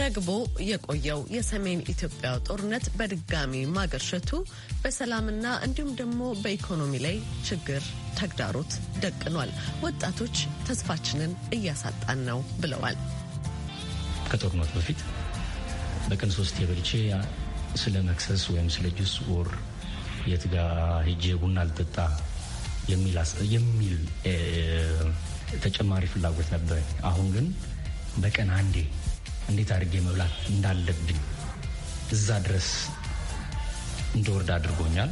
ረግቦ የቆየው የሰሜን ኢትዮጵያ ጦርነት በድጋሚ ማገርሸቱ በሰላምና እንዲሁም ደግሞ በኢኮኖሚ ላይ ችግር ተግዳሮት ደቅኗል። ወጣቶች ተስፋችንን እያሳጣን ነው ብለዋል። ከጦርነቱ በፊት በቀን ሶስት የበልቼ ስለ መክሰስ ወይም ስለ ጁስ ወር የት ጋ ሄጄ ቡና ልጠጣ የሚል ተጨማሪ ፍላጎት ነበር። አሁን ግን በቀን አንዴ እንዴት አድርጌ መብላት እንዳለብኝ እዛ ድረስ እንደወርድ አድርጎኛል።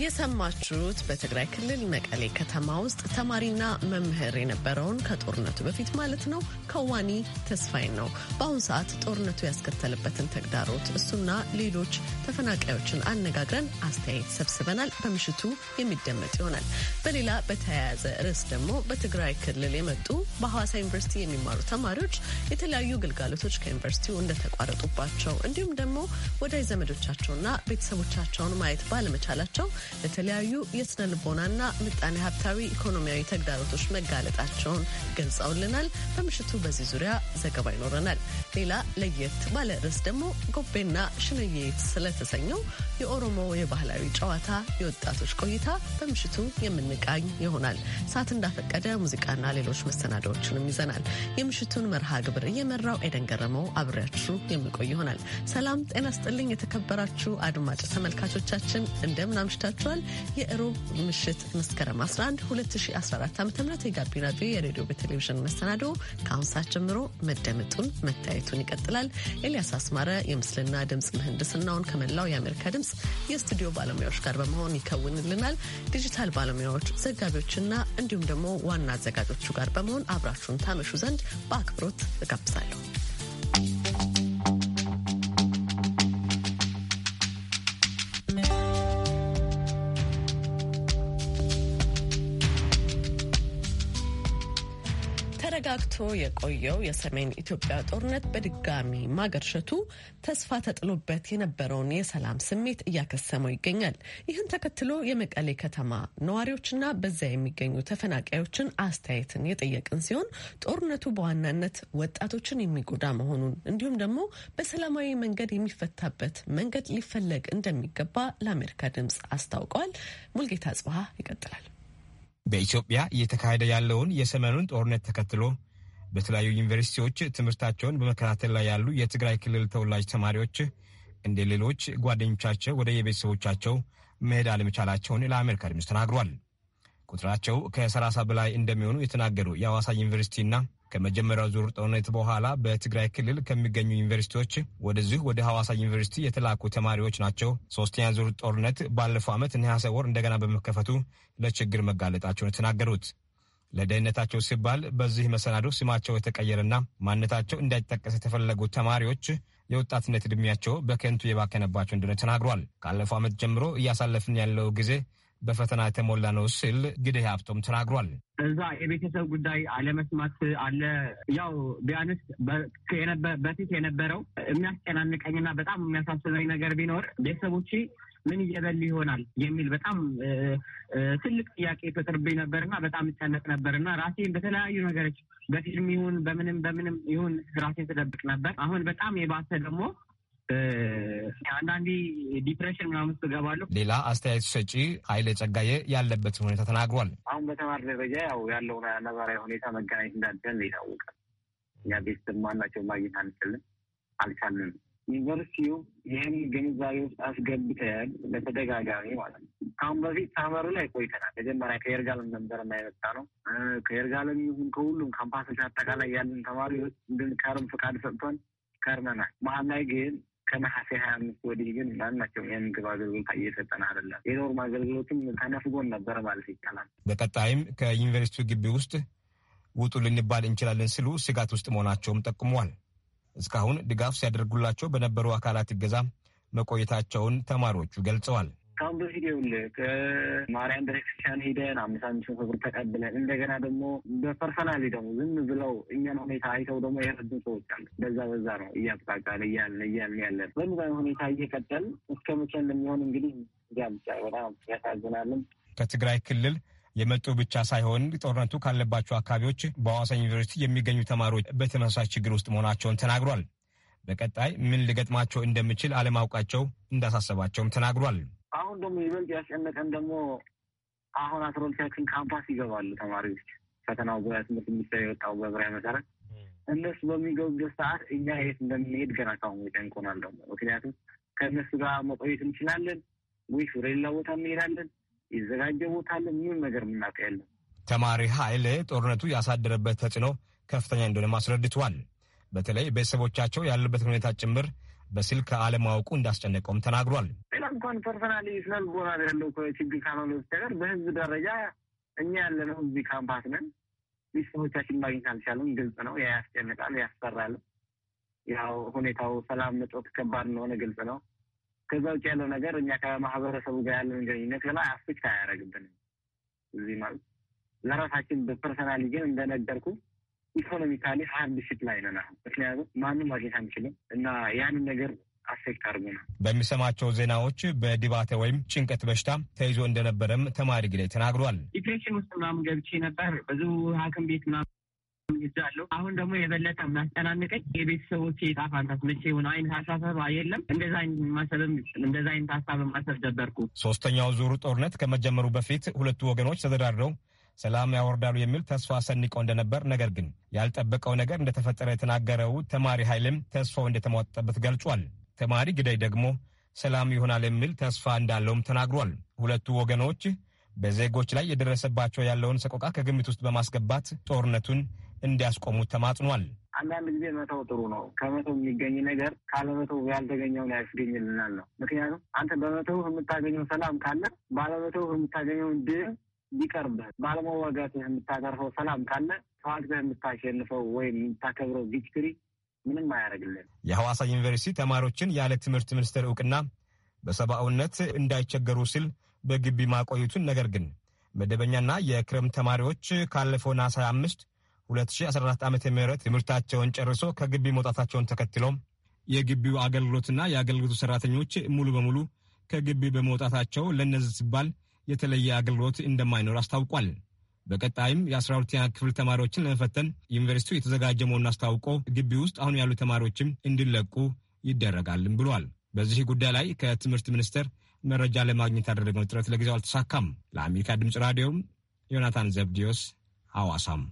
የሰማችሁት በትግራይ ክልል መቀሌ ከተማ ውስጥ ተማሪና መምህር የነበረውን ከጦርነቱ በፊት ማለት ነው ከዋኒ ተስፋይ ነው። በአሁን ሰዓት ጦርነቱ ያስከተለበትን ተግዳሮት እሱና ሌሎች ተፈናቃዮችን አነጋግረን አስተያየት ሰብስበናል። በምሽቱ የሚደመጥ ይሆናል። በሌላ በተያያዘ ርዕስ ደግሞ በትግራይ ክልል የመጡ በሐዋሳ ዩኒቨርሲቲ የሚማሩ ተማሪዎች የተለያዩ ግልጋሎቶች ከዩኒቨርሲቲው እንደተቋረጡባቸው እንዲሁም ደግሞ ወዳጅ ዘመዶቻቸውና ቤተሰቦቻቸውን ማየት ባለመቻላቸው ለተለያዩ የስነ ልቦናና ምጣኔ ሀብታዊ ኢኮኖሚያዊ ተግዳሮቶች መጋለጣቸውን ገልጸውልናል። በምሽቱ በዚህ ዙሪያ ዘገባ ይኖረናል። ሌላ ለየት ባለ ርዕስ ደግሞ ጎቤና ሽንየት ስለተሰኘው የኦሮሞ የባህላዊ ጨዋታ የወጣቶች ቆይታ በምሽቱ የምንቃኝ ይሆናል። ሰዓት እንዳፈቀደ ሙዚቃና ሌሎች መሰናዳዎችንም ይዘናል። የምሽቱን መርሃ ግብር እየመራው ኤደን ገረመው አብሬያችሁ የሚቆይ ይሆናል። ሰላም ጤና ስጥልኝ። የተከበራችሁ አድማጭ ተመልካቾቻችን እንደምን አምሽታ ይኖራቸዋል። የእሮብ ምሽት መስከረም 11 2014 ዓ ም የጋቢና ቪ የሬዲዮ በቴሌቪዥን መሰናዶ ከአሁን ሰዓት ጀምሮ መደመጡን መታየቱን ይቀጥላል። ኤልያስ አስማረ የምስልና ድምፅ ምህንድስናውን ከመላው የአሜሪካ ድምፅ የስቱዲዮ ባለሙያዎች ጋር በመሆን ይከውንልናል። ዲጂታል ባለሙያዎች፣ ዘጋቢዎችና እንዲሁም ደግሞ ዋና አዘጋጆቹ ጋር በመሆን አብራችሁን ታመሹ ዘንድ በአክብሮት እጋብዛለሁ። ነጋግቶ የቆየው የሰሜን ኢትዮጵያ ጦርነት በድጋሚ ማገርሸቱ ተስፋ ተጥሎበት የነበረውን የሰላም ስሜት እያከሰመው ይገኛል። ይህን ተከትሎ የመቀሌ ከተማ ነዋሪዎችና በዚያ የሚገኙ ተፈናቃዮችን አስተያየትን የጠየቅን ሲሆን ጦርነቱ በዋናነት ወጣቶችን የሚጎዳ መሆኑን እንዲሁም ደግሞ በሰላማዊ መንገድ የሚፈታበት መንገድ ሊፈለግ እንደሚገባ ለአሜሪካ ድምጽ አስታውቀዋል። ሙልጌታ ጽብሃ ይቀጥላል። በኢትዮጵያ እየተካሄደ ያለውን የሰሜኑን ጦርነት ተከትሎ በተለያዩ ዩኒቨርሲቲዎች ትምህርታቸውን በመከታተል ላይ ያሉ የትግራይ ክልል ተወላጅ ተማሪዎች እንደ ሌሎች ጓደኞቻቸው ወደ የቤተሰቦቻቸው መሄድ አለመቻላቸውን ለአሜሪካ ድምፅ ተናግሯል። ቁጥራቸው ከ30 በላይ እንደሚሆኑ የተናገሩ የአዋሳ ዩኒቨርሲቲና ከመጀመሪያው ዙር ጦርነት በኋላ በትግራይ ክልል ከሚገኙ ዩኒቨርሲቲዎች ወደዚህ ወደ ሐዋሳ ዩኒቨርሲቲ የተላኩ ተማሪዎች ናቸው። ሶስተኛ ዙር ጦርነት ባለፈው ዓመት ነሐሴ ወር እንደገና በመከፈቱ ለችግር መጋለጣቸውን የተናገሩት ለደህንነታቸው ሲባል በዚህ መሰናዶ ስማቸው የተቀየረና ማንነታቸው እንዳይጠቀስ የተፈለጉ ተማሪዎች የወጣትነት ዕድሜያቸው በከንቱ የባከነባቸው እንደሆነ ተናግሯል። ካለፈው ዓመት ጀምሮ እያሳለፍን ያለው ጊዜ በፈተና የተሞላ ነው ሲል ግዴ ሀብቶም ተናግሯል። እዛ የቤተሰብ ጉዳይ አለመስማት አለ። ያው ቢያንስ በፊት የነበረው የሚያስጨናንቀኝና በጣም የሚያሳስበኝ ነገር ቢኖር ቤተሰቦች ምን እየበሉ ይሆናል የሚል በጣም ትልቅ ጥያቄ ፈጥርብኝ ነበርና በጣም እጨነቅ ነበርና ራሴን በተለያዩ ነገሮች በፊልም ይሁን በምንም በምንም ይሁን ራሴን ስደብቅ ነበር። አሁን በጣም የባሰ ደግሞ አንዳንዴ ዲፕሬሽን ምናምን ስገባለሁ። ሌላ አስተያየት ሰጪ ኃይሌ ጸጋዬ ያለበትን ሁኔታ ተናግሯል። አሁን በተማሪ ደረጃ ያው ያለው ነባራዊ ሁኔታ መገናኘት እንዳለን ይታወቃል። እኛ ቤተሰብ ማናቸው ማግኘት አንችልም አልቻልንም። ዩኒቨርሲቲው ይህም ግንዛቤ ውስጥ አስገብተን በተደጋጋሚ ማለት ነው። ከአሁን በፊት ሳመሩ ላይ ቆይተናል። መጀመሪያ ከኤርጋለም ነበር የማይመጣ ነው። ከኤርጋለም ይሁን ከሁሉም ካምፓሶች አጠቃላይ ያለን ተማሪዎች እንድንከርም ፈቃድ ሰጥቶን ከርመናል። መሀል ላይ ግን ከነሐሴ ሀያ አምስት ወዲህ ግን ማናቸውም የምግብ አገልግሎት እየሰጠን አይደለም። የኖርም አገልግሎትም ተነፍጎን ነበር ማለት ይቻላል። በቀጣይም ከዩኒቨርሲቲው ግቢ ውስጥ ውጡ ልንባል እንችላለን ሲሉ ስጋት ውስጥ መሆናቸውም ጠቁመዋል። እስካሁን ድጋፍ ሲያደርጉላቸው በነበሩ አካላት እገዛ መቆየታቸውን ተማሪዎቹ ገልጸዋል። ካሁን በፊት ይኸውልህ ከማርያም ቤተክርስቲያን ሄደን አምስት አምስት መቶ ብር ተቀብለን እንደገና ደግሞ በፐርሰናሊ ደግሞ ዝም ብለው እኛን ሁኔታ አይተው ደግሞ የረዱ ሰዎች አሉ። በዛ በዛ ነው እያጥቃቃል እያልን እያልን ያለን በዛ ሁኔታ እየቀጠል እስከ መቼ እንደሚሆን እንግዲህ ጋብቻ በጣም ያሳዝናልም ከትግራይ ክልል የመጡ ብቻ ሳይሆን ጦርነቱ ካለባቸው አካባቢዎች በሐዋሳ ዩኒቨርሲቲ የሚገኙ ተማሪዎች በተመሳሳይ ችግር ውስጥ መሆናቸውን ተናግሯል። በቀጣይ ምን ሊገጥማቸው እንደሚችል አለማወቃቸው እንዳሳሰባቸውም ተናግሯል። አሁን ደግሞ ይበልጥ ያስጨነቀን ደግሞ አሁን አስራ ሁለታችን ካምፓስ ይገባሉ ተማሪዎች ፈተናው በያ ትምህርት ሚኒስቴር የወጣው በብራይ መሰረት እነሱ በሚገቡበት ሰዓት እኛ የት እንደምንሄድ ገና ካሁን ጨንቆናል። ደግሞ ምክንያቱም ከእነሱ ጋር መቆየት እንችላለን ወይስ ወደ ሌላ ቦታ እንሄዳለን፣ የዘጋጀ ቦታ አለን፣ ምንም ነገር የምናውቀያለን። ተማሪ ኃይሌ ጦርነቱ ያሳደረበት ተጽዕኖ ከፍተኛ እንደሆነ አስረድቷል። በተለይ ቤተሰቦቻቸው ያሉበትን ሁኔታ ጭምር በስልክ አለማወቁ እንዳስጨነቀውም ተናግሯል። እንኳን ፐርሰናሊ ስነልቦና ያለው ችግር ካልሆነ በስተቀር በህዝብ ደረጃ እኛ ያለነው እዚህ ካምፓስ ነን። ቤተሰቦቻችን ማግኘት አልቻለም። ግልጽ ነው። ያ ያስጨንቃል፣ ያስፈራል። ያው ሁኔታው ሰላም መጦት ከባድ እንደሆነ ግልጽ ነው። ከዛ ውጭ ያለው ነገር እኛ ከማህበረሰቡ ጋር ያለን ግንኙነት በላይ አፍክት አያደርግብንም። እዚህ ማለት ለራሳችን በፐርሰናሊ ግን እንደነገርኩ ኢኮኖሚካሊ ሀርድ ሽት ላይ ነን አሁን። ምክንያቱም ማንም ማግኘት አንችልም እና ያንን ነገር አፌክት አድርጎናል። በሚሰማቸው ዜናዎች በድባቴ ወይም ጭንቀት በሽታ ተይዞ እንደነበረም ተማሪ ግላይ ተናግሯል። ዲፕሬሽን ውስጥ ምናምን ገብቼ ነበር ብዙ ሐኪም ቤት ምናምን ይዛለሁ አሁን ደግሞ የበለጠ የሚያስጨናንቀኝ የቤተሰቦች የጣፋንታት መቼ የሆነ አይነት አሳሰብ የለም። እንደዛ አይነት ማሰብም እንደዛ አይነት ሀሳብ ማሰብ ጀበርኩ። ሶስተኛው ዙር ጦርነት ከመጀመሩ በፊት ሁለቱ ወገኖች ተደራድረው ሰላም ያወርዳሉ የሚል ተስፋ ሰንቀው እንደነበር ነገር ግን ያልጠበቀው ነገር እንደተፈጠረ የተናገረው ተማሪ ኃይልም ተስፋው እንደተሟጠጠበት ገልጿል። ተማሪ ግዳይ ደግሞ ሰላም ይሆናል የሚል ተስፋ እንዳለውም ተናግሯል። ሁለቱ ወገኖች በዜጎች ላይ የደረሰባቸው ያለውን ሰቆቃ ከግምት ውስጥ በማስገባት ጦርነቱን እንዲያስቆሙ ተማጽኗል። አንዳንድ ጊዜ መተው ጥሩ ነው። ከመተው የሚገኝ ነገር ካለመተው ያልተገኘውን ያስገኝልናል ነው። ምክንያቱም አንተ በመተው የምታገኘው ሰላም ካለ ባለመተው የምታገኘው ድል ቢቀርብህ ባለመወገት የምታተርፈው ሰላም ካለ ተዋግተህ የምታሸንፈው ወይም የምታከብረው ቪክትሪ ምንም አያደርግልን። የሐዋሳ ዩኒቨርሲቲ ተማሪዎችን ያለ ትምህርት ሚኒስቴር እውቅና በሰብአውነት እንዳይቸገሩ ሲል በግቢ ማቆየቱን ነገር ግን መደበኛና የክረም ተማሪዎች ካለፈው ነሐሴ 25 2014 ዓ ም ትምህርታቸውን ጨርሶ ከግቢ መውጣታቸውን ተከትሎ የግቢው አገልግሎትና የአገልግሎቱ ሰራተኞች ሙሉ በሙሉ ከግቢ በመውጣታቸው ለእነዚህ ሲባል የተለየ አገልግሎት እንደማይኖር አስታውቋል። በቀጣይም የ 12 ክፍል ተማሪዎችን ለመፈተን ዩኒቨርሲቲው የተዘጋጀ መሆኑን አስታውቆ ግቢ ውስጥ አሁን ያሉ ተማሪዎችም እንዲለቁ ይደረጋልም ብሏል። በዚህ ጉዳይ ላይ ከትምህርት ሚኒስቴር መረጃ ለማግኘት ያደረገው ጥረት ለጊዜው አልተሳካም። ለአሜሪካ ድምፅ ራዲዮ ዮናታን ዘብዲዮስ ሐዋሳም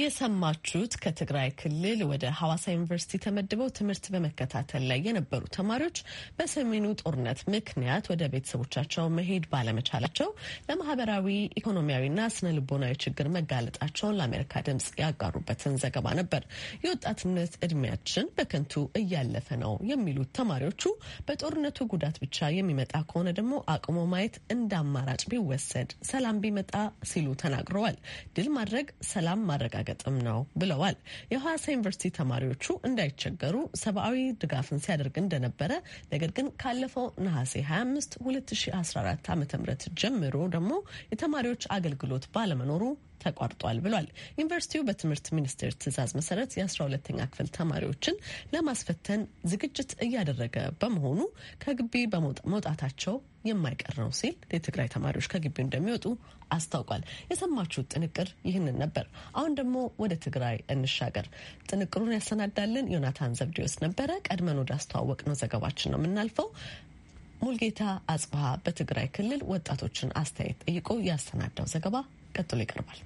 የሰማችሁት ከትግራይ ክልል ወደ ሐዋሳ ዩኒቨርሲቲ ተመድበው ትምህርት በመከታተል ላይ የነበሩ ተማሪዎች በሰሜኑ ጦርነት ምክንያት ወደ ቤተሰቦቻቸው መሄድ ባለመቻላቸው ለማህበራዊ ኢኮኖሚያዊና ስነ ልቦናዊ ችግር መጋለጣቸውን ለአሜሪካ ድምጽ ያጋሩበትን ዘገባ ነበር። የወጣትነት እድሜያችን በከንቱ እያለፈ ነው የሚሉት ተማሪዎቹ በጦርነቱ ጉዳት ብቻ የሚመጣ ከሆነ ደግሞ አቅሞ ማየት እንደ አማራጭ ቢወሰድ ሰላም ቢመጣ ሲሉ ተናግረዋል። ድል ማድረግ ሰላም ማድረጋ ማረጋገጥም ነው ብለዋል። የሐዋሳ ዩኒቨርሲቲ ተማሪዎቹ እንዳይቸገሩ ሰብአዊ ድጋፍን ሲያደርግ እንደነበረ ነገር ግን ካለፈው ነሐሴ 25 2014 ዓ ም ጀምሮ ደግሞ የተማሪዎች አገልግሎት ባለመኖሩ ተቋርጧል ብሏል። ዩኒቨርሲቲው በትምህርት ሚኒስቴር ትዕዛዝ መሰረት የ 12 ክፍል ተማሪዎችን ለማስፈተን ዝግጅት እያደረገ በመሆኑ ከግቢ መውጣታቸው የማይቀር ነው ሲል የትግራይ ተማሪዎች ከግቢው እንደሚወጡ አስታውቋል። የሰማችሁት ጥንቅር ይህንን ነበር። አሁን ደግሞ ወደ ትግራይ እንሻገር። ጥንቅሩን ያሰናዳልን ዮናታን ዘብዴዎስ ነበረ። ቀድመን ወደ አስተዋወቅ ነው ዘገባችን ነው የምናልፈው። ሙልጌታ አጽብሃ በትግራይ ክልል ወጣቶችን አስተያየት ጠይቆ ያሰናዳው ዘገባ ቀጥሎ ይቀርባል።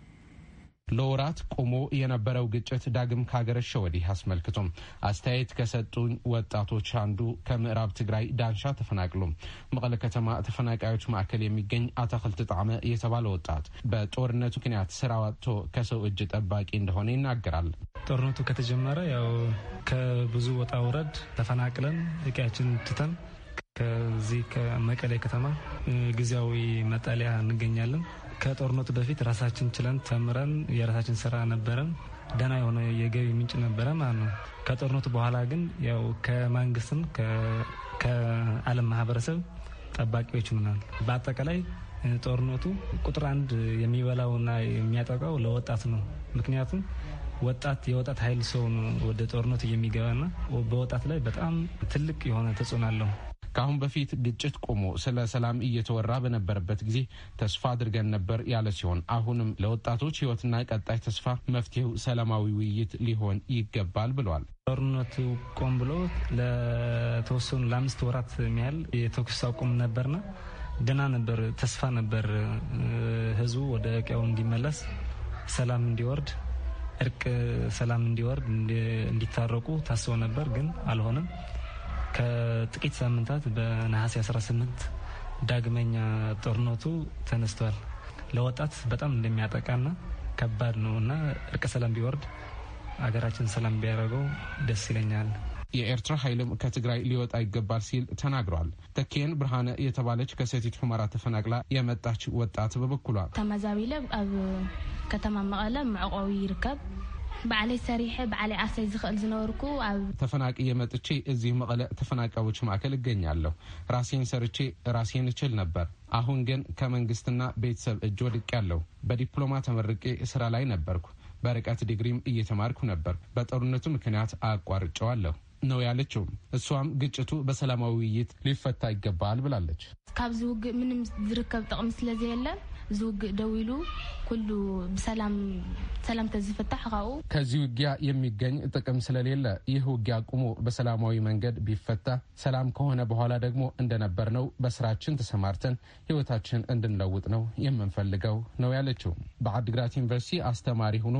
ለወራት ቆሞ የነበረው ግጭት ዳግም ካገረሸ ወዲህ አስመልክቶም አስተያየት ከሰጡኝ ወጣቶች አንዱ ከምዕራብ ትግራይ ዳንሻ ተፈናቅሎ መቀለ ከተማ ተፈናቃዮች ማዕከል የሚገኝ አታክልት ጣዕመ የተባለ ወጣት በጦርነቱ ምክንያት ስራ ዋጥቶ ከሰው እጅ ጠባቂ እንደሆነ ይናገራል። ጦርነቱ ከተጀመረ ያው ከብዙ ወጣ ውረድ ተፈናቅለን እቂያችን ትተን ከዚህ ከመቀሌ ከተማ ጊዜያዊ መጠለያ እንገኛለን። ከጦርነቱ በፊት ራሳችን ችለን ተምረን የራሳችን ስራ ነበረን። ደህና የሆነ የገቢ ምንጭ ነበረ ማለት ነው። ከጦርነቱ በኋላ ግን ያው ከመንግስትም ከዓለም ማህበረሰብ ጠባቂዎች ምናል በአጠቃላይ ጦርነቱ ቁጥር አንድ የሚበላውና የሚያጠቃው ለወጣት ነው። ምክንያቱም ወጣት የወጣት ኃይል ሰው ወደ ጦርነቱ የሚገባና በወጣት ላይ በጣም ትልቅ የሆነ ተጽዕኖ አለው። ከአሁን በፊት ግጭት ቆሞ ስለ ሰላም እየተወራ በነበረበት ጊዜ ተስፋ አድርገን ነበር ያለ ሲሆን አሁንም ለወጣቶች ህይወትና ቀጣይ ተስፋ መፍትሄው ሰላማዊ ውይይት ሊሆን ይገባል ብሏል። ጦርነቱ ቆም ብሎ ለተወሰኑ ለአምስት ወራት የሚያህል የተኩስ አቁም ነበርና ደህና ነበር፣ ተስፋ ነበር። ህዝቡ ወደ ቀው እንዲመለስ፣ ሰላም እንዲወርድ፣ እርቅ ሰላም እንዲወርድ፣ እንዲታረቁ ታስቦ ነበር፣ ግን አልሆነም። ከጥቂት ሳምንታት በነሐሴ 18 ዳግመኛ ጦርነቱ ተነስቷል። ለወጣት በጣም እንደሚያጠቃና ከባድ ነው እና እርቀ ሰላም ቢወርድ አገራችን ሰላም ቢያደርገው ደስ ይለኛል። የኤርትራ ኃይልም ከትግራይ ሊወጣ ይገባል ሲል ተናግሯል። ተኬን ብርሃነ የተባለች ከሴቲት ሑመራ ተፈናቅላ የመጣች ወጣት በበኩሏ ተመዛቢለ ኣብ ከተማ መቐለ ምዕቆዊ ይርከብ ባዕለይ ሰሪሐ ባዕለይ ኣሰይ ዝኽእል ዝነበርኩ ኣብ ተፈናቅየ መጥቼ እዚ መቐለ ተፈናቃዮች ማእከል እገኛለሁ። ራሴን ሰርቼ ራሴን እችል ነበር። አሁን ግን ከመንግስትና ቤተሰብ እጅ ወድቅ ያለው በዲፕሎማ ተመርቄ ስራ ላይ ነበርኩ። በርቀት ዲግሪም እየተማርኩ ነበር። በጦርነቱ ምክንያት አቋርጨዋለሁ ነው ያለችው። እሷም ግጭቱ በሰላማዊ ውይይት ሊፈታ ይገባል ብላለች። ካብዚ ውግእ ምንም ዝርከብ ጥቕሚ ስለዘየለን እዚ ውግእ ደው ኢሉ ኩሉ ሰላም ተዝፍታሕ ካብኡ ከዚ ውግያ የሚገኝ ጥቅም ስለሌለ ይህ ውግያ ቁሙ በሰላማዊ መንገድ ቢፈታ ሰላም ከሆነ በኋላ ደግሞ እንደነበር ነው በስራችን ተሰማርተን ህይወታችን እንድንለውጥ ነው የምንፈልገው ነው ያለችው። በዓዲግራት ዩኒቨርሲቲ አስተማሪ ሆኖ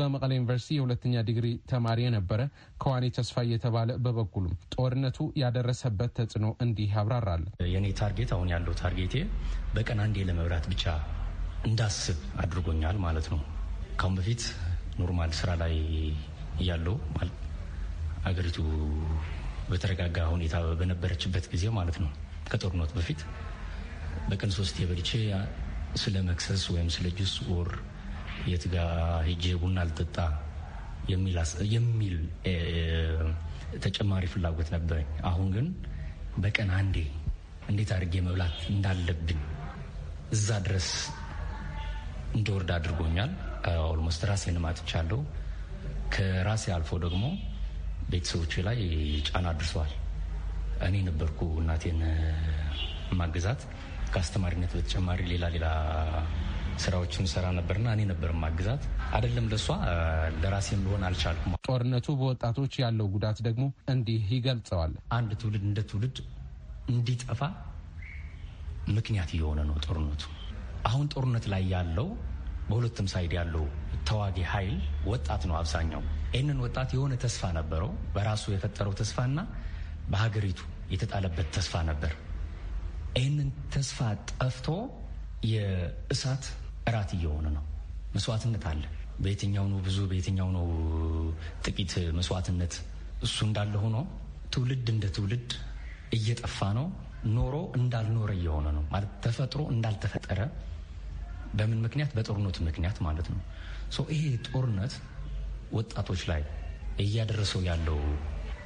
በመቀለ ዩኒቨርሲቲ የሁለተኛ ዲግሪ ተማሪ የነበረ ከዋኔ ተስፋ እየተባለ በበኩሉ ጦርነቱ ያደረሰበት ተጽዕኖ እንዲህ ያብራራል። የኔ ታርጌት አሁን ያለው ታርጌቴ በቀን አንዴ ለመብላት ብቻ እንዳስብ አድርጎኛል ማለት ነው። ካሁን በፊት ኖርማል ስራ ላይ እያለው አገሪቱ በተረጋጋ ሁኔታ በነበረችበት ጊዜ ማለት ነው ከጦርነት በፊት በቀን ሶስት የበልቼ ስለ መክሰስ ወይም ስለ ጁስ ወር የት ጋ ሄጄ ቡና አልጠጣ የሚል ተጨማሪ ፍላጎት ነበረኝ። አሁን ግን በቀን አንዴ እንዴት አድርጌ መብላት እንዳለብኝ እዛ ድረስ እንደወርድ አድርጎኛል። ኦልሞስት ራሴን ማጥቻለሁ። ከራሴ አልፎ ደግሞ ቤተሰቦቼ ላይ ጫና አድርሰዋል። እኔ ነበርኩ እናቴን ማግዛት። ከአስተማሪነት በተጨማሪ ሌላ ሌላ ስራዎችን ሰራ ነበርና እኔ ነበር ማግዛት። አይደለም ለእሷ ለራሴም ልሆን አልቻልኩም። ጦርነቱ በወጣቶች ያለው ጉዳት ደግሞ እንዲህ ይገልጸዋል። አንድ ትውልድ እንደ ትውልድ እንዲጠፋ ምክንያት እየሆነ ነው ጦርነቱ። አሁን ጦርነት ላይ ያለው በሁለትም ሳይድ ያለው ተዋጊ ኃይል ወጣት ነው አብዛኛው። ይህንን ወጣት የሆነ ተስፋ ነበረው በራሱ የፈጠረው ተስፋና በሀገሪቱ የተጣለበት ተስፋ ነበር። ይህንን ተስፋ ጠፍቶ የእሳት እራት እየሆነ ነው። መስዋዕትነት አለ። በየትኛው ነው ብዙ፣ በየትኛው ነው ጥቂት መስዋዕትነት። እሱ እንዳለ ሆኖ ትውልድ እንደ ትውልድ እየጠፋ ነው። ኖሮ እንዳልኖረ እየሆነ ነው ማለት ተፈጥሮ እንዳልተፈጠረ በምን ምክንያት በጦርነቱ ምክንያት ማለት ነው ይሄ ጦርነት ወጣቶች ላይ እያደረሰው ያለው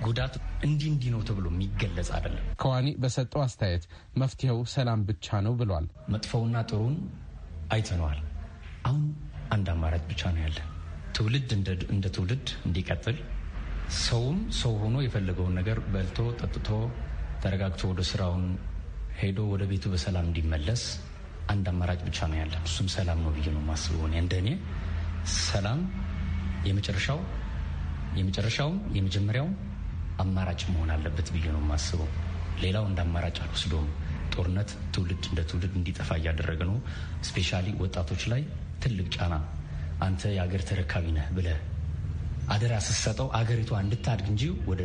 ጉዳት እንዲህ እንዲህ ነው ተብሎ የሚገለጽ አይደለም ከዋኒ በሰጠው አስተያየት መፍትሄው ሰላም ብቻ ነው ብሏል መጥፈውና ጥሩን አይተነዋል አሁን አንድ አማራጭ ብቻ ነው ያለ ትውልድ እንደ ትውልድ እንዲቀጥል ሰውም ሰው ሆኖ የፈለገውን ነገር በልቶ ጠጥቶ ተረጋግቶ ወደ ስራውን ሄዶ ወደ ቤቱ በሰላም እንዲመለስ አንድ አማራጭ ብቻ ነው ያለ። እሱም ሰላም ነው ብዬ ነው የማስበው። እኔ እንደ እኔ ሰላም የመጨረሻው የመጨረሻውም የመጀመሪያውም አማራጭ መሆን አለበት ብዬ ነው የማስበው። ሌላው እንደ አማራጭ አልወስዶም። ጦርነት ትውልድ እንደ ትውልድ እንዲጠፋ እያደረገ ነው። ስፔሻሊ ወጣቶች ላይ ትልቅ ጫና። አንተ የአገር ተረካቢ ነህ ብለህ አደራ ስትሰጠው አገሪቷ እንድታድግ እንጂ ወደ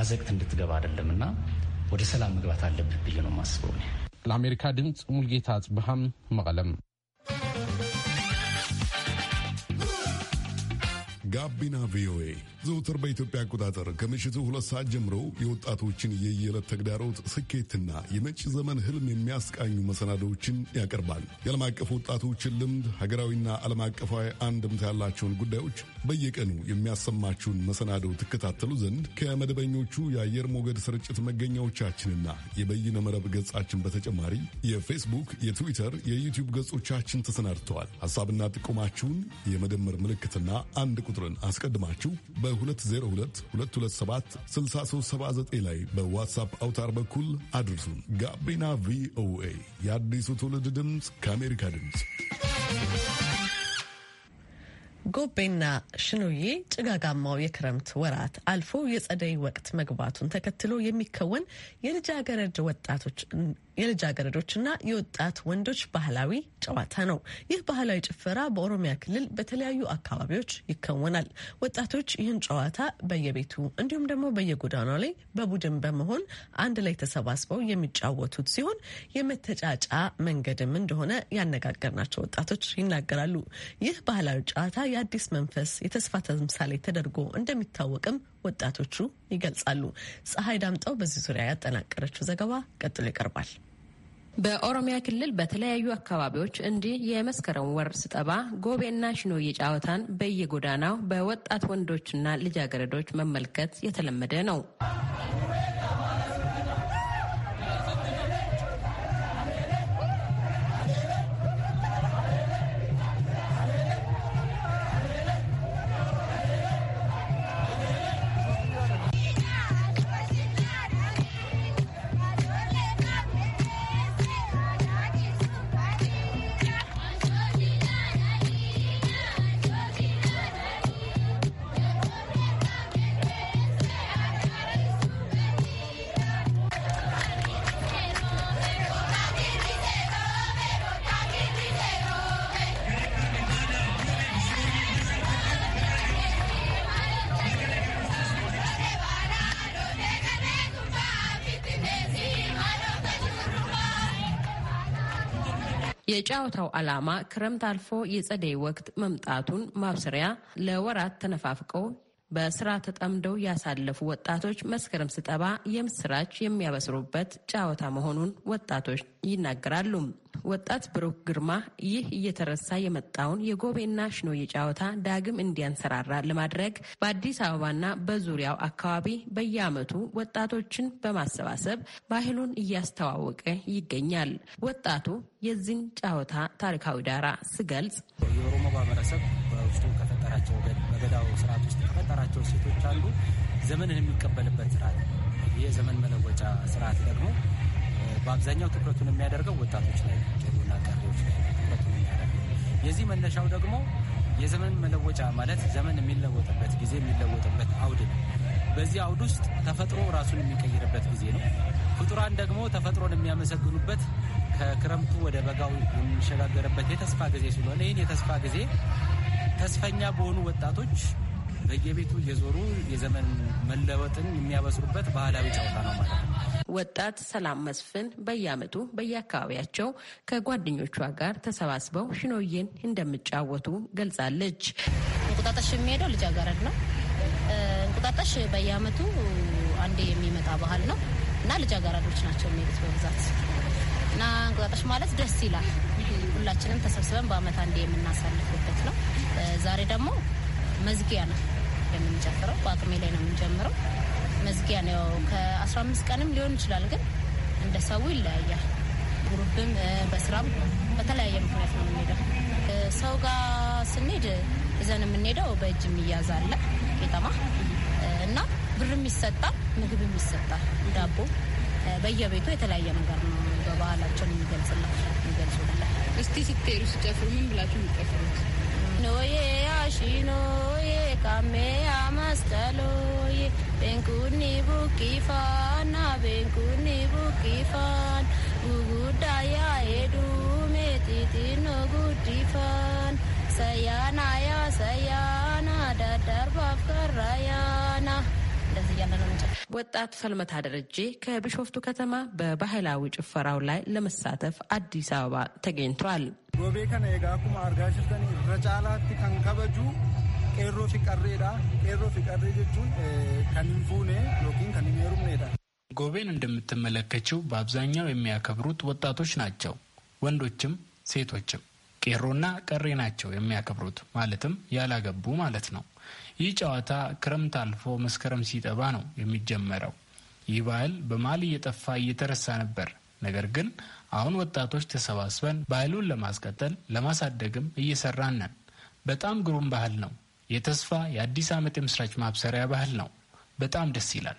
አዘቅት እንድትገባ አይደለም እና ወደ ሰላም መግባት አለብን ብዬ ነው የማስበው። ለአሜሪካ ድምፅ ሙልጌታ አጽብሃም መቀለም። ጋቢና ቪኦኤ ዘውትር በኢትዮጵያ አቆጣጠር ከምሽቱ ሁለት ሰዓት ጀምሮ የወጣቶችን የየዕለት ተግዳሮት ስኬትና የመጪ ዘመን ህልም የሚያስቃኙ መሰናዶዎችን ያቀርባል። የዓለም አቀፍ ወጣቶችን ልምድ፣ ሀገራዊና ዓለም አቀፋዊ አንድምት ያላቸውን ጉዳዮች በየቀኑ የሚያሰማችሁን መሰናዶው ትከታተሉ ዘንድ ከመደበኞቹ የአየር ሞገድ ስርጭት መገኛዎቻችንና የበይነ መረብ ገጻችን በተጨማሪ የፌስቡክ፣ የትዊተር፣ የዩቲዩብ ገጾቻችን ተሰናድተዋል። ሐሳብና ጥቆማችሁን የመደመር ምልክትና አንድ ቁጥርን አስቀድማችሁ በ202227 6379 ላይ በዋትሳፕ አውታር በኩል አድርሱን። ጋቢና ቪኦኤ የአዲሱ ትውልድ ድምፅ ከአሜሪካ ድምፅ ጎቤና ሽኑዬ ጭጋጋማው የክረምት ወራት አልፎ የጸደይ ወቅት መግባቱን ተከትሎ የሚከወን የልጃገረድ ወጣቶች የልጃገረዶችና የወጣት ወንዶች ባህላዊ ጨዋታ ነው። ይህ ባህላዊ ጭፈራ በኦሮሚያ ክልል በተለያዩ አካባቢዎች ይከወናል። ወጣቶች ይህን ጨዋታ በየቤቱ እንዲሁም ደግሞ በየጎዳናው ላይ በቡድን በመሆን አንድ ላይ ተሰባስበው የሚጫወቱት ሲሆን የመተጫጫ መንገድም እንደሆነ ያነጋገርናቸው ወጣቶች ይናገራሉ። ይህ ባህላዊ ጨዋታ የአዲስ መንፈስ የተስፋ ተምሳሌ ተደርጎ እንደሚታወቅም ወጣቶቹ ይገልጻሉ። ፀሐይ ዳምጠው በዚህ ዙሪያ ያጠናቀረችው ዘገባ ቀጥሎ ይቀርባል። በኦሮሚያ ክልል በተለያዩ አካባቢዎች እንዲህ የመስከረም ወር ስጠባ ጎቤና ሽኖዬ ጨዋታን በየጎዳናው በወጣት ወንዶችና ልጃገረዶች መመልከት የተለመደ ነው። የጨዋታው ዓላማ ክረምት አልፎ የጸደይ ወቅት መምጣቱን ማብሰሪያ ለወራት ተነፋፍቀው በስራ ተጠምደው ያሳለፉ ወጣቶች መስከረም ስጠባ የምስራች የሚያበስሩበት ጨዋታ መሆኑን ወጣቶች ይናገራሉ። ወጣት ብሩክ ግርማ ይህ እየተረሳ የመጣውን የጎቤና ሽኖዬ ጨዋታ ዳግም እንዲያንሰራራ ለማድረግ በአዲስ አበባና በዙሪያው አካባቢ በየዓመቱ ወጣቶችን በማሰባሰብ ባህሉን እያስተዋወቀ ይገኛል። ወጣቱ የዚህን ጨዋታ ታሪካዊ ዳራ ስገልጽ የኦሮሞ ማህበረሰብ በውስጡ ከፈጠራቸው በገዳው ስርዓት ውስጥ ከፈጠራቸው ሴቶች አንዱ ዘመንን የሚቀበልበት ስርዓት። ይህ የዘመን መለወጫ ስርዓት ደግሞ በአብዛኛው ትኩረቱን የሚያደርገው ወጣቶች ላይ ጀሩና ቀሪዎች ላይ ትኩረቱን የዚህ መነሻው ደግሞ የዘመን መለወጫ ማለት ዘመን የሚለወጥበት ጊዜ የሚለወጥበት አውድ ነው። በዚህ አውድ ውስጥ ተፈጥሮ ራሱን የሚቀይርበት ጊዜ ነው። ፍጡራን ደግሞ ተፈጥሮን የሚያመሰግኑበት ከክረምቱ ወደ በጋው የሚሸጋገርበት የተስፋ ጊዜ ስለሆነ ይህን የተስፋ ጊዜ ተስፈኛ በሆኑ ወጣቶች በየቤቱ እየዞሩ የዘመን መለወጥን የሚያበስሩበት ባህላዊ ጨዋታ ነው ማለት ነው። ወጣት ሰላም መስፍን በየዓመቱ በየአካባቢያቸው ከጓደኞቿ ጋር ተሰባስበው ሽኖዬን እንደሚጫወቱ ገልጻለች። እንቁጣጣሽ የሚሄደው ልጃገረድ ነው። እንቁጣጣሽ በየዓመቱ አንዴ የሚመጣ ባህል ነው እና ልጃገረዶች ናቸው የሚሄዱት በብዛት እና እንቁጣጣሽ ማለት ደስ ይላል። ሁላችንም ተሰብስበን በአመት አንዴ የምናሳልፍበት ነው። ዛሬ ደግሞ መዝጊያ ነው የምንጨፍረው። በአቅሜ ላይ ነው የምንጀምረው። መዝጊያ ነው። ከ15 ቀንም ሊሆን ይችላል፣ ግን እንደ ሰው ይለያያል። ግሩፕም በስራም በተለያየ ምክንያት ነው የምንሄደው። ሰው ጋር ስንሄድ እዘን የምንሄደው በእጅ የሚያዝ አለ ቄጠማ እና ብርም ይሰጣል፣ ምግብም ይሰጣል፣ ዳቦ በየቤቱ የተለያየ ነገር ነው በባህላቸውን የሚገልጽላ የሚገልጹላ እስቲ ስትሄዱ ስጨፍሩ ምን ብላችሁ የሚጨፍሩት? ኖዬ አሺኖዬ ካሜያ ማስተሎዬ ቤንኩኒ ቡኪፋና ቤንኩኒ ቡኪፋን ጉጉዳያ ሄዱሜ ጢጢኖ ጉዲፋን ሰያናያ ሰያና ዳዳርባፍ ቀራያና እያለ ነው። ወጣት ፈልመታ ደረጀ ከቢሾፍቱ ከተማ በባህላዊ ጭፈራው ላይ ለመሳተፍ አዲስ አበባ ተገኝቷል። ጎቤ ከነ ጋ ኩማ አርጋ አርጋሽተን ረጫላት ከንከበጁ ቄሮ ፍቀሬዳ ቄሮ ፊቀሬ ጀቹን ከንንፉኔ ሎኪን ከንሜሩምኔዳ ጎቤን እንደምትመለከችው በአብዛኛው የሚያከብሩት ወጣቶች ናቸው፣ ወንዶችም ሴቶችም ቄሮና ቀሬ ናቸው የሚያከብሩት፣ ማለትም ያላገቡ ማለት ነው። ይህ ጨዋታ ክረምት አልፎ መስከረም ሲጠባ ነው የሚጀመረው። ይህ ባህል በመሀል እየጠፋ እየተረሳ ነበር። ነገር ግን አሁን ወጣቶች ተሰባስበን ባህሉን ለማስቀጠል ለማሳደግም እየሰራን ነን። በጣም ግሩም ባህል ነው። የተስፋ የአዲስ ዓመት የምስራች ማብሰሪያ ባህል ነው። በጣም ደስ ይላል።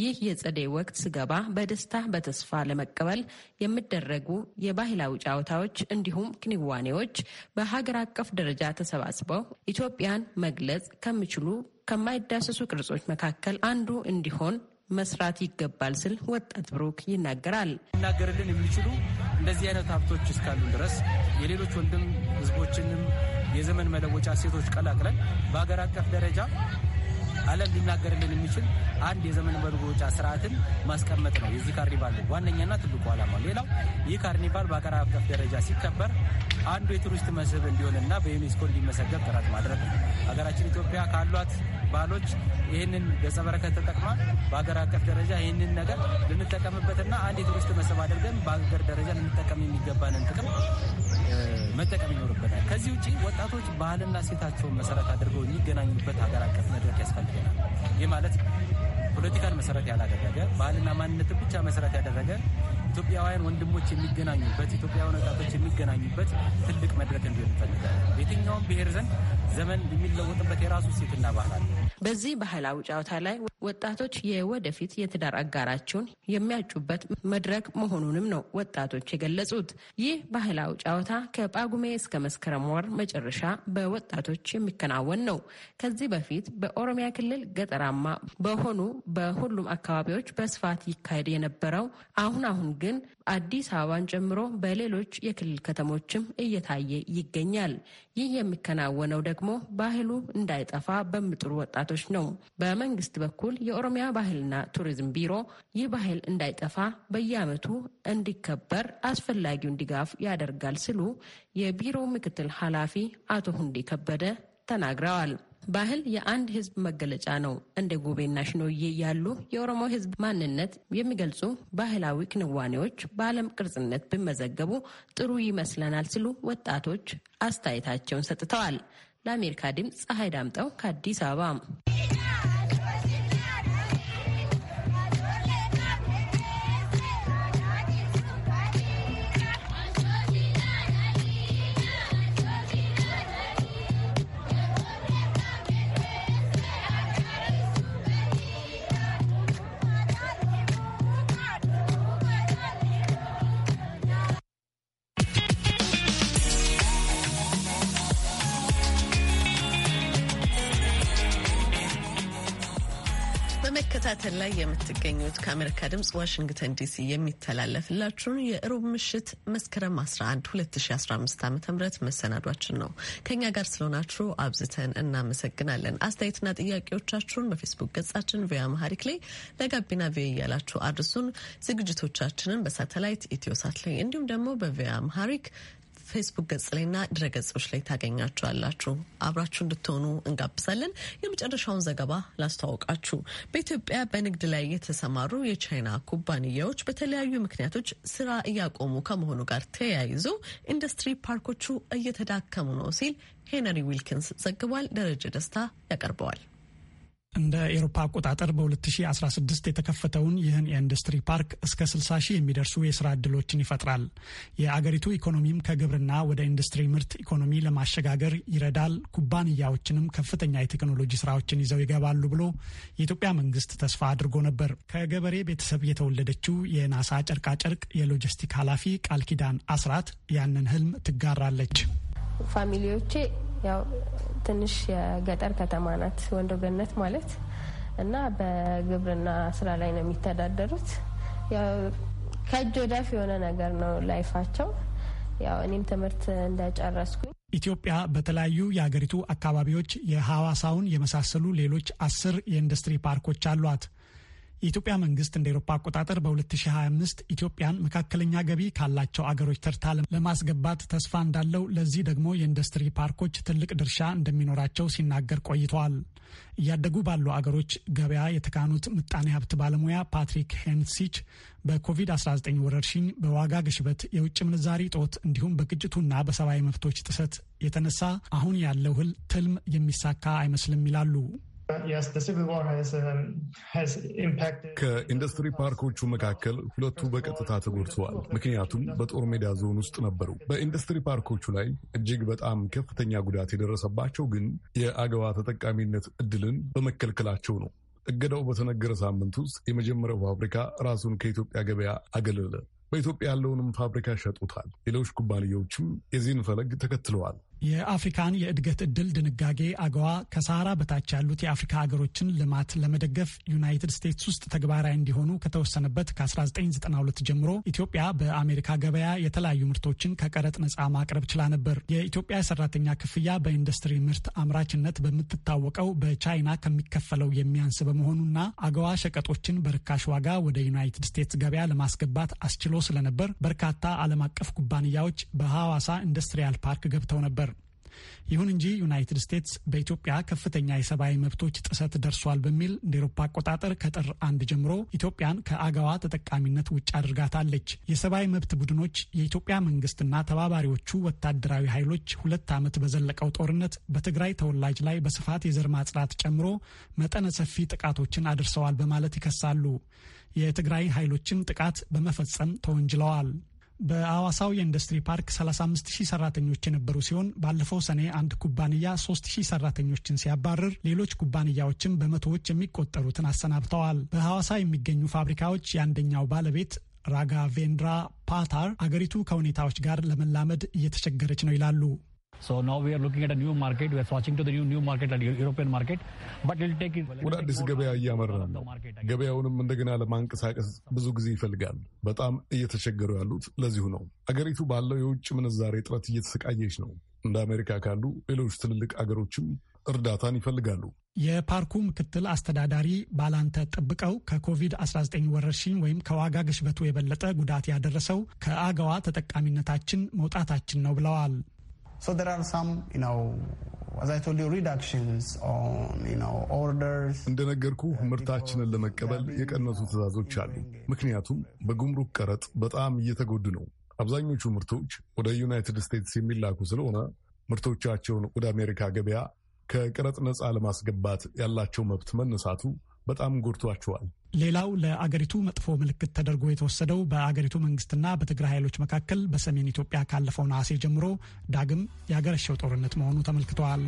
ይህ የጸደይ ወቅት ስገባ በደስታ በተስፋ ለመቀበል የሚደረጉ የባህላዊ ጨዋታዎች እንዲሁም ክንዋኔዎች በሀገር አቀፍ ደረጃ ተሰባስበው ኢትዮጵያን መግለጽ ከሚችሉ ከማይዳሰሱ ቅርጾች መካከል አንዱ እንዲሆን መስራት ይገባል ስል ወጣት ብሩክ ይናገራል። ይናገርልን የሚችሉ እንደዚህ አይነት ሀብቶች እስካሉ ድረስ የሌሎች ወንድም ህዝቦችንም የዘመን መለወጫ ሴቶች ቀላቅለን በሀገር አቀፍ ደረጃ ዓለም ሊናገርልን የሚችል አንድ የዘመን መለወጫ ስርዓትን ማስቀመጥ ነው የዚህ ካርኒቫል ዋነኛና ትልቁ ዓላማ። ሌላው ይህ ካርኒቫል በአገር አቀፍ ደረጃ ሲከበር አንዱ የቱሪስት መስህብ እንዲሆንና በዩኔስኮ እንዲመሰገብ ጥረት ማድረግ ነው። ሀገራችን ኢትዮጵያ ካሏት ባህሎች ይህንን ገጸ በረከት ተጠቅማ በሀገር አቀፍ ደረጃ ይህንን ነገር ልንጠቀምበትና አንድ የቱሪስት መስህብ አድርገን በሀገር ደረጃ ልንጠቀም የሚገባንን ጥቅም መጠቀም ይኖርበታል። ከዚህ ውጭ ወጣቶች ባህልና ሴታቸውን መሰረት አድርገው የሚገናኙበት ሀገር አቀፍ መድረክ ያስፈልገናል። ይህ ማለት ፖለቲካን መሰረት ያላደረገ ባህልና ማንነትን ብቻ መሰረት ያደረገ ኢትዮጵያውያን ወንድሞች የሚገናኙበት ኢትዮጵያውያን ወጣቶች የሚገናኙበት ትልቅ መድረክ እንዲሆን ይፈልጋል። የትኛውም ብሔር ዘንድ ዘመን የሚለወጥበት የራሱ ሴትና ባህል አለ። በዚህ ባህላዊ ጨዋታ ላይ ወጣቶች የወደፊት የትዳር አጋራቸውን የሚያጩበት መድረክ መሆኑንም ነው ወጣቶች የገለጹት። ይህ ባህላዊ ጨዋታ ከጳጉሜ እስከ መስከረም ወር መጨረሻ በወጣቶች የሚከናወን ነው። ከዚህ በፊት በኦሮሚያ ክልል ገጠራማ በሆኑ በሁሉም አካባቢዎች በስፋት ይካሄድ የነበረው አሁን አሁን ግን አዲስ አበባን ጨምሮ በሌሎች የክልል ከተሞችም እየታየ ይገኛል። ይህ የሚከናወነው ደግሞ ባህሉ እንዳይጠፋ በሚጥሩ ወጣቶች ነው። በመንግስት በኩል የኦሮሚያ ባህልና ቱሪዝም ቢሮ ይህ ባህል እንዳይጠፋ በየዓመቱ እንዲከበር አስፈላጊውን ድጋፍ ያደርጋል ሲሉ የቢሮው ምክትል ኃላፊ አቶ ሁንዴ ከበደ ተናግረዋል። ባህል የአንድ ህዝብ መገለጫ ነው። እንደ ጎቤና ሽኖዬ ያሉ የኦሮሞ ህዝብ ማንነት የሚገልጹ ባህላዊ ክንዋኔዎች በዓለም ቅርጽነት ቢመዘገቡ ጥሩ ይመስለናል ሲሉ ወጣቶች አስተያየታቸውን ሰጥተዋል። ለአሜሪካ ድምፅ ፀሐይ ዳምጠው ከአዲስ አበባ በመከታተል ላይ የምትገኙት ከአሜሪካ ድምጽ ዋሽንግተን ዲሲ የሚተላለፍላችሁን የእሮብ ምሽት መስከረም 11 2015 ዓ ም መሰናዷችን ነው። ከእኛ ጋር ስለሆናችሁ አብዝተን እናመሰግናለን። አስተያየትና ጥያቄዎቻችሁን በፌስቡክ ገጻችን ቪያ መሀሪክ ላይ ለጋቢና ቪ እያላችሁ አድርሱን። ዝግጅቶቻችንን በሳተላይት ኢትዮሳት ላይ እንዲሁም ደግሞ በቪያ መሀሪክ ፌስቡክ ገጽ ላይና ድረ ገጾች ላይ ታገኛችኋላችሁ። አብራችሁ እንድትሆኑ እንጋብዛለን። የመጨረሻውን ዘገባ ላስተዋውቃችሁ። በኢትዮጵያ በንግድ ላይ የተሰማሩ የቻይና ኩባንያዎች በተለያዩ ምክንያቶች ስራ እያቆሙ ከመሆኑ ጋር ተያይዞ ኢንዱስትሪ ፓርኮቹ እየተዳከሙ ነው ሲል ሄነሪ ዊልኪንስ ዘግቧል። ደረጀ ደስታ ያቀርበዋል። እንደ ኤሮፓ አቆጣጠር በ2016 የተከፈተውን ይህን የኢንዱስትሪ ፓርክ እስከ 60 ሺህ የሚደርሱ የስራ ዕድሎችን ይፈጥራል። የአገሪቱ ኢኮኖሚም ከግብርና ወደ ኢንዱስትሪ ምርት ኢኮኖሚ ለማሸጋገር ይረዳል። ኩባንያዎችንም ከፍተኛ የቴክኖሎጂ ስራዎችን ይዘው ይገባሉ ብሎ የኢትዮጵያ መንግስት ተስፋ አድርጎ ነበር። ከገበሬ ቤተሰብ የተወለደችው የናሳ ጨርቃጨርቅ የሎጂስቲክ ኃላፊ ቃል ኪዳን አስራት ያንን ህልም ትጋራለች። ፋሚሊዎቼ ያው ትንሽ የገጠር ከተማ ናት ወንዶ ገነት ማለት እና በግብርና ስራ ላይ ነው የሚተዳደሩት። ያው ከእጅ ወዳፍ የሆነ ነገር ነው ላይፋቸው። ያው እኔም ትምህርት እንደጨረስኩኝ ኢትዮጵያ በተለያዩ የሀገሪቱ አካባቢዎች የሐዋሳውን የመሳሰሉ ሌሎች አስር የኢንዱስትሪ ፓርኮች አሏት። የኢትዮጵያ መንግስት እንደ ኤሮፓ አቆጣጠር በ2025 ኢትዮጵያን መካከለኛ ገቢ ካላቸው አገሮች ተርታ ለማስገባት ተስፋ እንዳለው፣ ለዚህ ደግሞ የኢንዱስትሪ ፓርኮች ትልቅ ድርሻ እንደሚኖራቸው ሲናገር ቆይተዋል። እያደጉ ባሉ አገሮች ገበያ የተካኑት ምጣኔ ሀብት ባለሙያ ፓትሪክ ሄንሲች በኮቪድ-19 ወረርሽኝ፣ በዋጋ ግሽበት፣ የውጭ ምንዛሪ ጦት እንዲሁም በግጭቱና በሰብአዊ መብቶች ጥሰት የተነሳ አሁን ያለው ህል ትልም የሚሳካ አይመስልም ይላሉ። Um, ከኢንዱስትሪ ፓርኮቹ መካከል ሁለቱ በቀጥታ ተጎድተዋል፣ ምክንያቱም በጦር ሜዳ ዞን ውስጥ ነበሩ። በኢንዱስትሪ ፓርኮቹ ላይ እጅግ በጣም ከፍተኛ ጉዳት የደረሰባቸው ግን የአገባ ተጠቃሚነት እድልን በመከልከላቸው ነው። እገዳው በተነገረ ሳምንት ውስጥ የመጀመሪያው ፋብሪካ ራሱን ከኢትዮጵያ ገበያ አገለለ። በኢትዮጵያ ያለውንም ፋብሪካ ሸጡታል። ሌሎች ኩባንያዎችም የዚህን ፈለግ ተከትለዋል። የአፍሪካን የእድገት እድል ድንጋጌ አገዋ ከሰሃራ በታች ያሉት የአፍሪካ ሀገሮችን ልማት ለመደገፍ ዩናይትድ ስቴትስ ውስጥ ተግባራዊ እንዲሆኑ ከተወሰነበት ከ1992 ጀምሮ ኢትዮጵያ በአሜሪካ ገበያ የተለያዩ ምርቶችን ከቀረጥ ነጻ ማቅረብ ችላ ነበር። የኢትዮጵያ ሰራተኛ ክፍያ በኢንዱስትሪ ምርት አምራችነት በምትታወቀው በቻይና ከሚከፈለው የሚያንስ በመሆኑና አገዋ ሸቀጦችን በርካሽ ዋጋ ወደ ዩናይትድ ስቴትስ ገበያ ለማስገባት አስችሎ ስለነበር በርካታ ዓለም አቀፍ ኩባንያዎች በሐዋሳ ኢንዱስትሪያል ፓርክ ገብተው ነበር። ይሁን እንጂ ዩናይትድ ስቴትስ በኢትዮጵያ ከፍተኛ የሰብአዊ መብቶች ጥሰት ደርሷል በሚል እንደ ኤሮፓ አቆጣጠር ከጥር አንድ ጀምሮ ኢትዮጵያን ከአገዋ ተጠቃሚነት ውጭ አድርጋታለች። የሰብአዊ መብት ቡድኖች የኢትዮጵያ መንግስትና ተባባሪዎቹ ወታደራዊ ኃይሎች ሁለት ዓመት በዘለቀው ጦርነት በትግራይ ተወላጅ ላይ በስፋት የዘር ማጽዳት ጨምሮ መጠነ ሰፊ ጥቃቶችን አድርሰዋል በማለት ይከሳሉ። የትግራይ ኃይሎችን ጥቃት በመፈጸም ተወንጅለዋል። በአዋሳው የኢንዱስትሪ ፓርክ 35000 ሰራተኞች የነበሩ ሲሆን ባለፈው ሰኔ አንድ ኩባንያ 3000 ሰራተኞችን ሲያባርር ሌሎች ኩባንያዎችም በመቶዎች የሚቆጠሩትን አሰናብተዋል። በሐዋሳ የሚገኙ ፋብሪካዎች የአንደኛው ባለቤት ራጋቬንድራ ፓታር አገሪቱ ከሁኔታዎች ጋር ለመላመድ እየተቸገረች ነው ይላሉ። ወደ አዲስ ገበያ እያመራን ነው። ገበያውንም እንደገና ለማንቀሳቀስ ብዙ ጊዜ ይፈልጋል። በጣም እየተቸገሩ ያሉት ለዚሁ ነው። አገሪቱ ባለው የውጭ ምንዛሬ ጥረት እየተሰቃየች ነው። እንደ አሜሪካ ካሉ ሌሎች ትልልቅ አገሮችም እርዳታን ይፈልጋሉ። የፓርኩ ምክትል አስተዳዳሪ ባላንተ ጠብቀው ከኮቪድ-19 ወረርሽኝ ወይም ከዋጋ ግሽበቱ የበለጠ ጉዳት ያደረሰው ከአገዋ ተጠቃሚነታችን መውጣታችን ነው ብለዋል። So there are some, you know, እንደነገርኩ uh, ምርታችንን ለመቀበል የቀነሱ uh, ትዕዛዞች አሉ። ምክንያቱም በጉምሩክ ቀረጥ በጣም እየተጎዱ ነው። አብዛኞቹ ምርቶች ወደ ዩናይትድ ስቴትስ የሚላኩ ስለሆነ ምርቶቻቸውን ወደ አሜሪካ ገበያ ከቀረጥ ነፃ ለማስገባት ያላቸው መብት መነሳቱ በጣም ጎድቷቸዋል። ሌላው ለአገሪቱ መጥፎ ምልክት ተደርጎ የተወሰደው በአገሪቱ መንግስትና በትግራይ ኃይሎች መካከል በሰሜን ኢትዮጵያ ካለፈው ነሐሴ ጀምሮ ዳግም ያገረሸው ጦርነት መሆኑ ተመልክተዋል።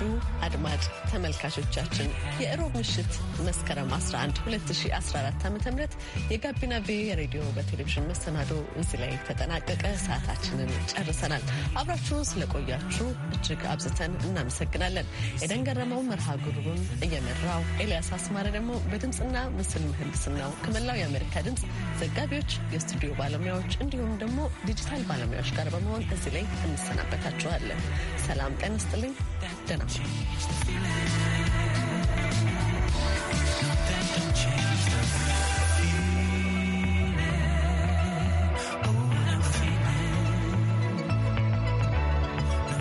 special አድማጭ ተመልካቾቻችን የእሮብ ምሽት መስከረም 11 2014 ዓ ም የጋቢና ቪ ሬዲዮ በቴሌቪዥን መሰናዶ እዚህ ላይ ተጠናቀቀ። ሰዓታችንን ጨርሰናል። አብራችሁን ስለቆያችሁ እጅግ አብዝተን እናመሰግናለን። ኤደን ገረመው መርሃ ግብሩን እየመራው፣ ኤልያስ አስማረ ደግሞ በድምፅና ምስል ምህንድስናው ከመላው የአሜሪካ ድምፅ ዘጋቢዎች፣ የስቱዲዮ ባለሙያዎች እንዲሁም ደግሞ ዲጂታል ባለሙያዎች ጋር በመሆን እዚህ ላይ እንሰናበታችኋለን። ሰላም ጤና ይስጥልኝ። ደህና catch the feeling.